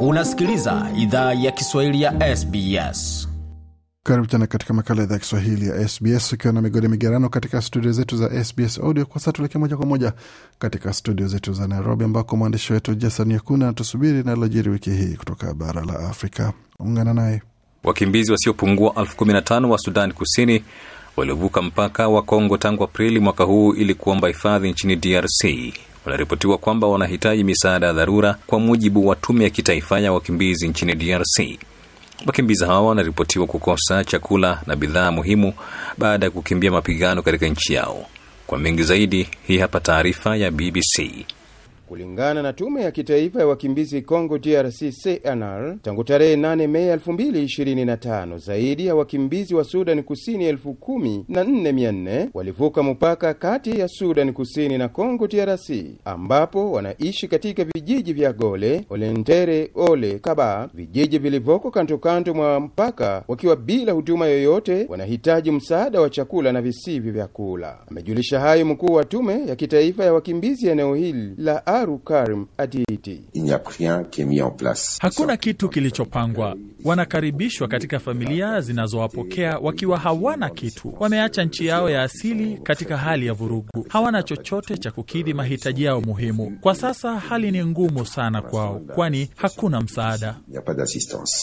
Unasikiliza idhaa ya Kiswahili ya SBS. Karibu tena katika makala idhaa ya Kiswahili ya SBS ukiwa na migodi migerano katika studio zetu za SBS Audio. Kwa sasa tuelekee moja kwa moja katika studio zetu za Nairobi, ambako mwandishi wetu Jason Yakuna anatusubiri linalojiri wiki hii kutoka bara la Afrika. Ungana naye. Wakimbizi wasiopungua 15 wa sudani Kusini waliovuka mpaka wa Kongo tangu Aprili mwaka huu ili kuomba hifadhi nchini DRC wanaripotiwa kwamba wanahitaji misaada ya dharura, kwa mujibu wa tume ya kitaifa ya wakimbizi nchini DRC. Wakimbizi hawa wanaripotiwa kukosa chakula na bidhaa muhimu baada ya kukimbia mapigano katika nchi yao. Kwa mengi zaidi, hii hapa taarifa ya BBC. Kulingana na tume ya kitaifa ya wakimbizi Kongo DRC CNR, tangu tarehe 8 Mei 2025 zaidi ya wakimbizi wa Sudani Kusini 14 walivuka mpaka kati ya Sudani Kusini na Kongo DRC, ambapo wanaishi katika vijiji vya Gole, Olentere, Ole Kaba, vijiji vilivyoko kandokando mwa mpaka, wakiwa bila huduma yoyote, wanahitaji msaada wa chakula na visivyo vya kula. Amejulisha hayo mkuu wa tume ya kitaifa ya wakimbizi eneo hili la Aru Karim Hakuna kitu kilichopangwa, wanakaribishwa katika familia zinazowapokea wakiwa hawana kitu. Wameacha nchi yao ya asili katika hali ya vurugu, hawana chochote cha kukidhi mahitaji yao muhimu. Kwa sasa hali ni ngumu sana kwao, kwani hakuna msaada.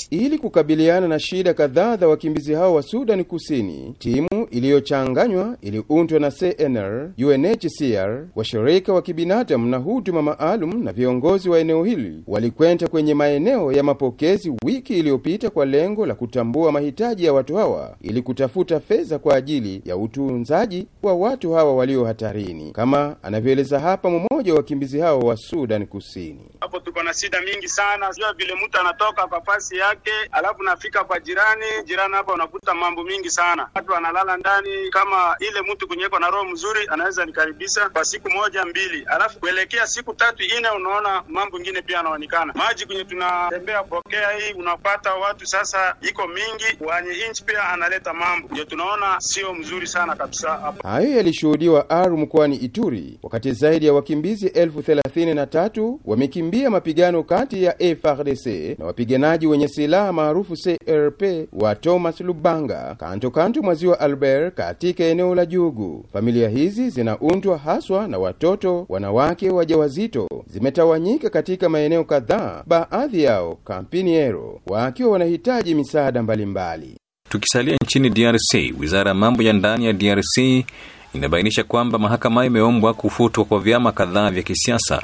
Ili kukabiliana na shida kadhaa za wakimbizi hao wa Sudani Kusini, timu iliyochanganywa iliundwa na CNR, UNHCR, washirika wa kibinadamu na huduma maalum, na viongozi wa eneo hili walikwenda kwenye maeneo ya mapokezi wiki iliyopita kwa lengo la kutambua mahitaji ya watu hawa ili kutafuta fedha kwa ajili ya utunzaji wa watu hawa walio hatarini, kama anavyoeleza hapa mmoja wa wakimbizi hao wa Sudan Kusini. Hapo tuko shida mingi sana, sio vile mtu anatoka kwa fasi yake, alafu nafika kwa jirani jirani, hapa unakuta mambo mingi sana, watu wanalala ndani. Kama ile mtu kunyeko na roho mzuri, anaweza nikaribisha kwa siku moja mbili, alafu kuelekea siku tatu ine, unaona mambo ingine pia yanaonekana. Maji kwenye tunatembea pokea hii, unapata watu sasa iko mingi, wanye nchi pia analeta mambo, ndio tunaona sio mzuri sana kabisa hapa. Hayo yalishuhudiwa Aru mkoani Ituri, wakati zaidi ya wakimbizi elfu thelathini na tatu wamekimbia mapigano makabiliano kati ya FRDC na wapiganaji wenye silaha maarufu CRP wa Thomas Lubanga kanto kanto mwa ziwa Albert katika eneo la Jugu. Familia hizi zinaundwa haswa na watoto, wanawake wajawazito, zimetawanyika katika maeneo kadhaa, baadhi yao Ero wakiwa wanahitaji misaada mbalimbali. Tukisalia nchini DRC, wizara ya mambo ya ndani ya DRC inabainisha kwamba mahakama imeombwa kufutwa kwa vyama kadhaa vya kisiasa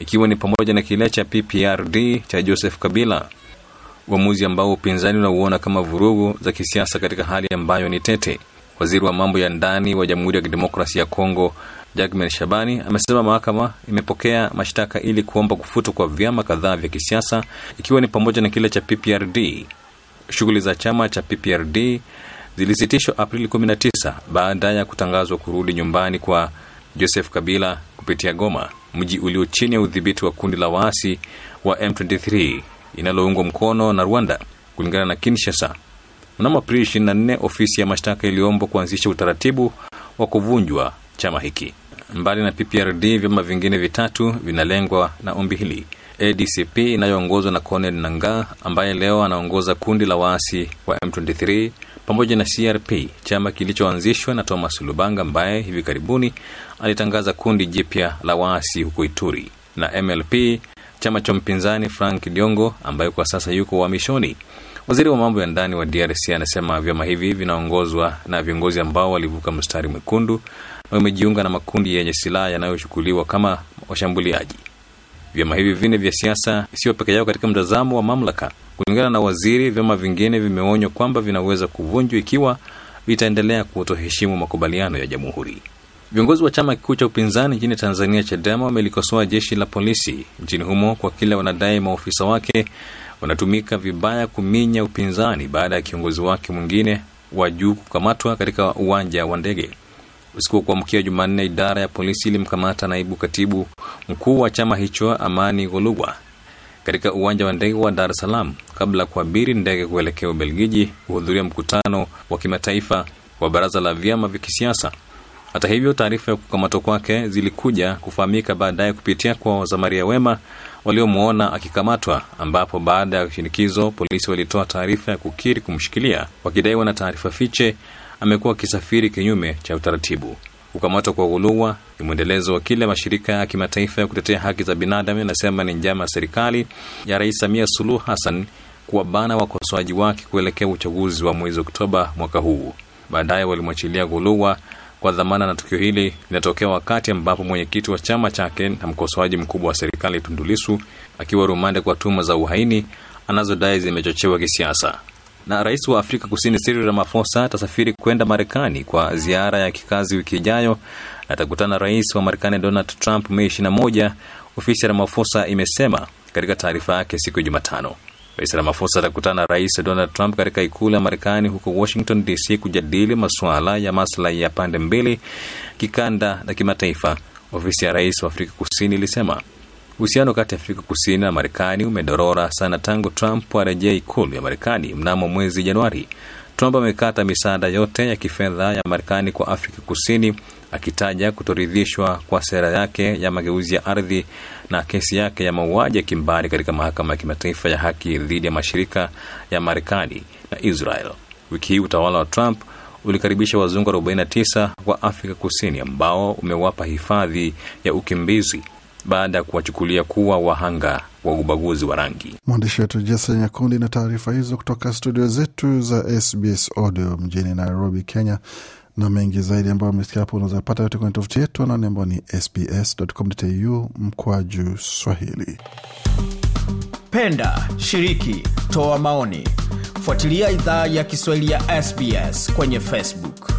ikiwa ni pamoja na kile cha PPRD cha Joseph Kabila, uamuzi ambao upinzani unauona kama vurugu za kisiasa katika hali ambayo ni tete. Waziri wa mambo ya ndani wa Jamhuri ya Kidemokrasia ya Kongo Jacmin Shabani amesema mahakama imepokea mashtaka ili kuomba kufutwa kwa vyama kadhaa vya kisiasa ikiwa ni pamoja na kile cha PPRD. Shughuli za chama cha PPRD zilisitishwa Aprili 19 baada ya kutangazwa kurudi nyumbani kwa Joseph Kabila kupitia Goma mji ulio chini ya udhibiti wa kundi la waasi wa M23 inaloungwa mkono na Rwanda, kulingana na Kinshasa. Mnamo Aprili 24, ofisi ya mashtaka iliomba kuanzisha utaratibu wa kuvunjwa chama hiki. Mbali na PPRD, vyama vingine vitatu vinalengwa na ombi hili. ADCP inayoongozwa na Colonel nanga ambaye leo anaongoza kundi la waasi wa M23 pamoja na CRP, chama kilichoanzishwa na Thomas Lubanga ambaye hivi karibuni alitangaza kundi jipya la waasi huko Ituri, na MLP, chama cha mpinzani Frank Diongo ambaye kwa sasa yuko uhamishoni. Waziri wa mambo ya ndani wa DRC anasema vyama hivi vinaongozwa na viongozi ambao walivuka mstari mwekundu na wamejiunga na makundi yenye silaha yanayochukuliwa kama washambuliaji. Vyama hivi vinne vya siasa sio peke yao katika mtazamo wa mamlaka. Kulingana na waziri, vyama vingine vimeonywa kwamba vinaweza kuvunjwa ikiwa vitaendelea kutoheshimu makubaliano ya jamhuri. Viongozi wa chama kikuu cha upinzani nchini Tanzania, CHADEMA, wamelikosoa jeshi la polisi nchini humo kwa kile wanadai maofisa wake wanatumika vibaya kuminya upinzani baada ya kiongozi wake mwingine wa juu kukamatwa katika uwanja wa ndege. Usiku wa kuamkia Jumanne, idara ya polisi ilimkamata naibu katibu mkuu wa chama hicho Amani Golugwa katika uwanja wa ndege wa Dar es Salaam kabla ya kuabiri ndege kuelekea Ubelgiji kuhudhuria mkutano wa kimataifa wa baraza la vyama vya kisiasa. Hata hivyo, taarifa ya kukamatwa kwake zilikuja kufahamika baadaye kupitia kwa wasamaria wema waliomwona akikamatwa, ambapo baada ya shinikizo polisi walitoa taarifa ya kukiri kumshikilia, wakidaiwa na taarifa fiche amekuwa akisafiri kinyume cha utaratibu. Kukamatwa kwa Ghuluwa ni mwendelezo wa kile mashirika ya kimataifa ya kutetea haki za binadamu yanasema ni njama ya serikali ya Rais Samia Suluhu Hassan kuwabana wakosoaji wake kuelekea uchaguzi wa mwezi Oktoba mwaka huu. Baadaye walimwachilia Ghuluwa kwa dhamana, na tukio hili linatokea wakati ambapo mwenyekiti wa chama chake na mkosoaji mkubwa wa serikali tundulisu akiwa rumande kwa tuma za uhaini anazodai zimechochewa kisiasa. Na rais wa Afrika Kusini Cyril Ramaphosa atasafiri kwenda Marekani kwa ziara ya kikazi wiki ijayo na atakutana rais wa Marekani Donald Trump Mei 21, ofisi ya Ramaphosa imesema katika taarifa yake siku ya Jumatano. Rais Ramaphosa atakutana na rais Donald Trump katika ikulu ya Marekani huko Washington DC kujadili masuala ya maslahi ya pande mbili, kikanda na kimataifa, ofisi ya rais wa Afrika Kusini ilisema. Uhusiano kati ya Afrika Kusini na Marekani umedorora sana tangu Trump arejea ikulu ya Marekani mnamo mwezi Januari. Trump amekata misaada yote ya kifedha ya Marekani kwa Afrika Kusini, akitaja kutoridhishwa kwa sera yake ya mageuzi ya ardhi na kesi yake ya mauaji ya kimbari katika mahakama ya kimataifa ya haki dhidi ya mashirika ya Marekani na Israel. Wiki hii utawala wa Trump ulikaribisha wazungu 49 wa Afrika Kusini ambao umewapa hifadhi ya ukimbizi baada ya kuwachukulia kuwa wahanga wa ubaguzi wa rangi. Mwandishi wetu Jason Nyakundi na taarifa hizo kutoka studio zetu za SBS Audio mjini Nairobi, Kenya na mengi zaidi ambayo amesikia hapo unaweza pata yote kwenye tovuti yetu anaoni ambao ni sbs.com.au mkwaju swahili. Penda, shiriki, toa maoni, fuatilia idhaa ya Kiswahili ya SBS kwenye Facebook.